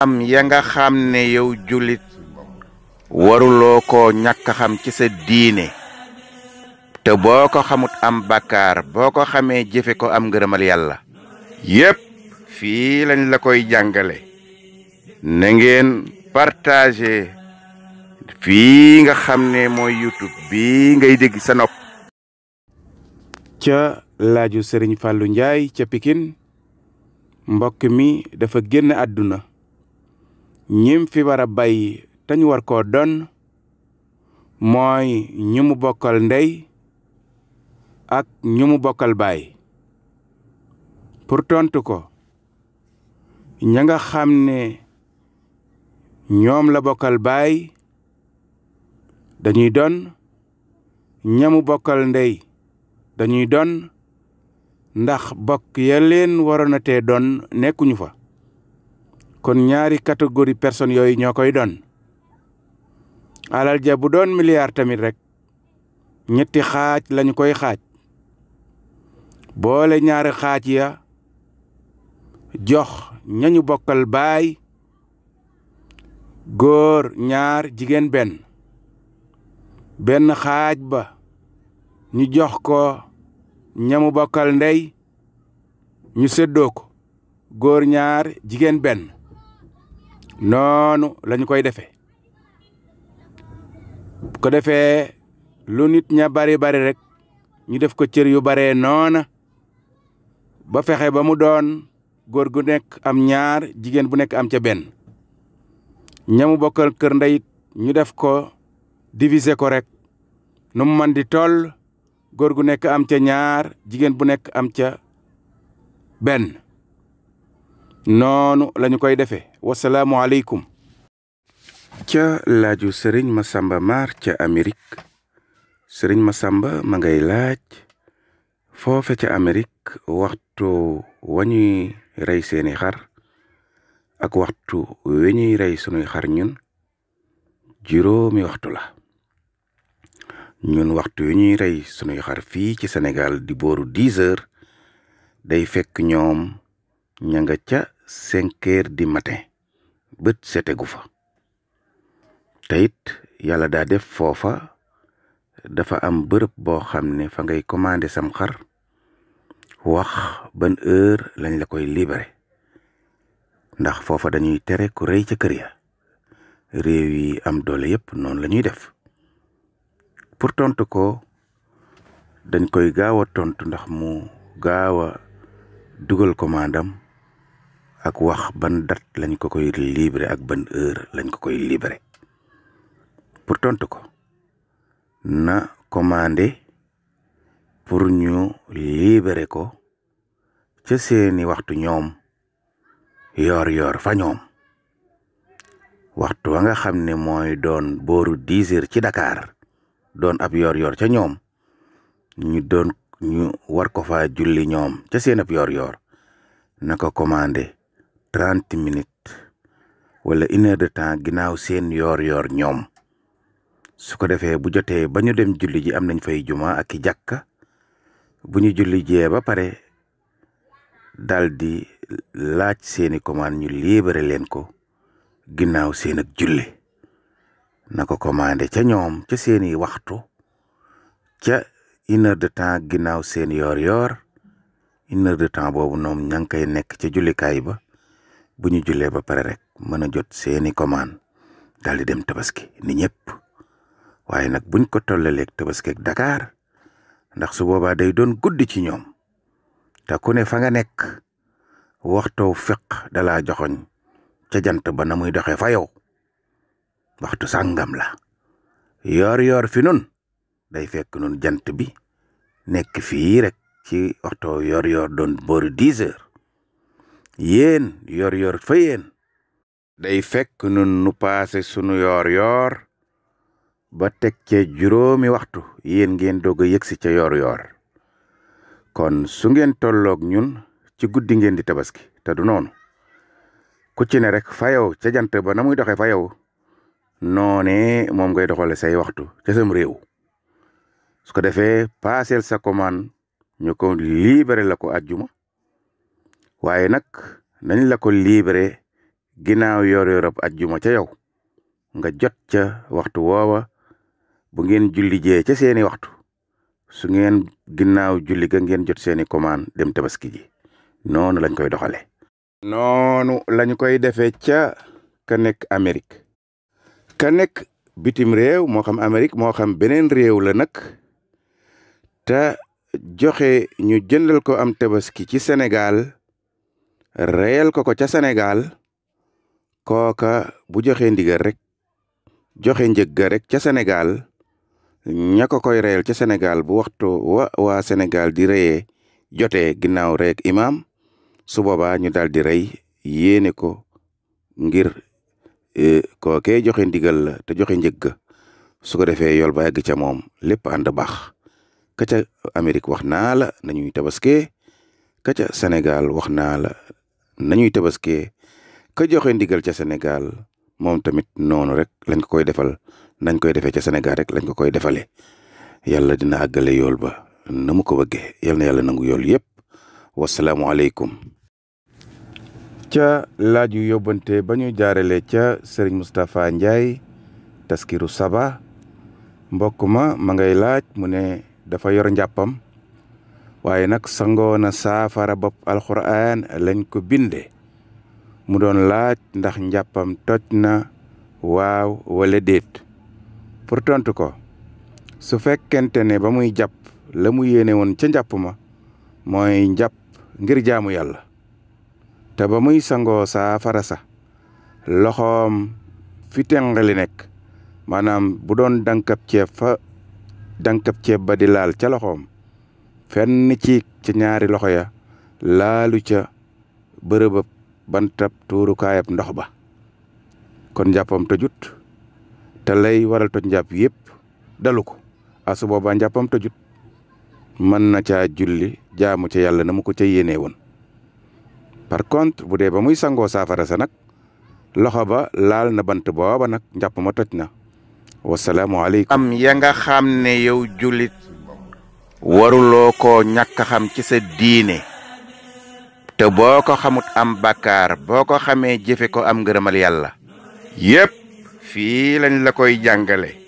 am ya nga xam ne yow jullit waruloo ko ñàkk xam ci sa diine te boo ko xamut am bakkaar boo ko xamee jëfe ko am ngërëmal yàlla yépp fii lañ la koy jàngale na ngeen partager fii nga xam ne mooy YouTube bi ngay dégg sa nopp ca laaju Serigne Fallou Ndiaye ca Pikine mbokk mi dafa génn àdduna ñim fi war a bàyyi te ñu war koo donn mooy ñu bokkal ndey ak ñu bokkal baay pour tontu ko ña nga xam ne ñoom la bokkal baay dañuy don ñamu bokkal ndey dañuy don ndax bokk ya leen waroon a tee don nekkuñu fa kon ñaari catégorie personnes yooyu ñoo koy doon alal ja bu doon milliard tamit rek ñetti xaaj lañu koy xaaj boole ñaari xaaj ya jox ñañu bokkal baay góor ñaar jigéen benn benn xaaj ba ñu jox ko ñamu bokkal ndey ñu séddoo ko góor ñaar jigéen benn noonu lañ koy defee ko defee lu nit ña bari bari rek ñu def ko cër yu baree noona ba fexe ba mu doon góor gu nekk am ñaar jigéen bu nekk am ca benn ñamu bokkal kër ndeyit ñu def ko divisé ko rek nu mu man di toll góor gu nekk am ca ñaar jigéen bu nekk am ca benn noonu lañu koy defee wasalaamualeykum ca laaju sëriñ Masamba Mar ca Amérique sëriñ Masamba ma ngay laaj foofe ca Amérique waxtu wañuy rey seeni xar ak waxtu wi ñuy rey sunuy xar ñun juróomi waxtu la ñun waxtu wi ñuy rey sunuy xar fii ci Sénégal di booru dix heures day fekk ñoom ña nga ca cinq heures du matin bët setegu fa te it yàlla daa def foofa dafa am bërëb boo xam ne fa ngay commandé sam xar wax ban heure lañ la koy libéré ndax foofa dañuy tere ko rey ca kër ya réew yi am doole yépp noonu la ñuy def pour tontu ko dañ koy gaaw a tontu ndax mu gaaw a dugal commandam ak wax ban date lañ ko koy libéré ak ban heure lañ ko koy libéré pour tontu ko na commandé pour ñu libéré ko ca seeni waxtu ñoom yoor-yoor fa ñoom waxtu wa nga xam ne mooy doon booru dix ci Dakar doon ab yoor-yoor ca ñoom ñu doon ñu war ko fa julli ñoom ca seen ab yoor-yoor na ko commandé. trente minutes wala une heure de temps ginnaaw seen yoor-yoor ñoom su ko defee bu jotee ba ñu dem julli ji am nañ fay jumaa ak i jàkka bu ñu julli jee ba pare daldi laaj seeni commande ñu libéré leen ko ginnaaw seen ak julli na ko commandé ca ñoom ca seeni waxtu ca une heure de temps ginnaaw seen yoor-yoor une heure de temps boobu ñoom ña ngi koy nekk ca jullikaay ba bu ñu jullee ba pare rek mën a jot seeni commande dali dem tabaski ni ñëpp waaye nag buñ ko tollaleeg tabaski ak Dakar ndax su boobaa day doon guddi ci ñoom te ku ne fa nga nekk waxtoo fiq dalaa joxoñ ca jant ba na muy doxee fa yow waxtu sàngam la yor yor fi nun day fekk nun jant bi nekk fii rek ci waxto yor yoor doon boori dix yéen yor-yor fa yéen day fekk nun nu paase sunu yoor yoor ba teg cee juróomi waxtu yéen ngeen doog a yëgsi ca yoor yor kon su ngeen tolloog ñun ci guddi ngeen di tabaski te du noonu ku ci ne rek fa yow ca jant ba na muy doxee fa yow noonee moom ngay doxale say waxtu ca sam réew su ko defee paaseel sa commande ñu ko libéré la ko àjjuma waaye nag nañ la ko libre ginnaaw yor-yorub ajjuma ca yow nga jot ca waxtu woowa bu ngeen julli jee ca seeni waxtu su ngeen ginnaaw julli ga ngeen jot seeni commande dem tabaski ji noonu lañ koy doxale noonu lañ koy defee ca ka nekk Amérique ka nekk bitim réew moo xam Amérique moo xam beneen réew la nag te joxe ñu jëndal ko am tabaski ci Sénégal reyel ko ko ca senegal kooka bu joxe ndigal rek joxe njëg rek ca Sénégal ñako koy reyal ca Sénégal bu waxto wa waa Sénégal di reyee jote ginnaaw reek imam su boobaa ñu dal di rey yéene ko ngir e, kookee joxe ndigal la te joxe njëg ga su ko defee yool ba yegg ca moom lépp ànd baax ka ca Amérique wax naa la nañuy tabaske ka ca Sénégal wax naa la nañuy tabaskee ka joxe ndigal ca Sénégal moom tamit noonu rek lañ ko koy defal nañ koy defee ca senegal rek lañ ko koy defalee yàlla dina àggale yool ba na mu ko bëggee yal na yàlla nangu yool yëpp wasalaamualeykum. ca laaj yu yóbbante ba ñu jaarale ca Serigne Moustapha Ndiaye taskiru Saba mbokk ma ma ngay laaj mu ne dafa yor njàppam. waaye nag sangoon na saafara bopp alxuraan lañ ko binde mu doon laaj ndax njàppam toj na waaw wala déet pour tontu ko su fekkente ne ba muy jàpp la mu yéene woon ca njàpp ma mooy njàpp ngir jaamu yàlla te ba muy sangoo saafara sax loxoom fi tengali nekk maanaam bu doon dankab ceeb fa dankab ceeb ba di laal ca loxoom fenn ci ca ñaari loxo ya laalu ca bërëbab bantab tuurukaayab ndox ba kon njàppam tojut te lay waral toj njàpp yëpp dalu ko a ah, su boobaa njàppam tojut mën na caa julli jaamu ca yàlla na mu ko ca yéenee woon par contre bu dee ba muy sangoo saafara sa nag loxo ba laal na bant booba nag njàpp ma toj na wasalaamualeykum am ya xam ne yow jullit waruloo ko ñàkk xam ci sa diine te boo ko xamut am bàkkaar boo ko xamee jëfe ko am ngërëmal yàlla yépp fii lañ la koy jàngale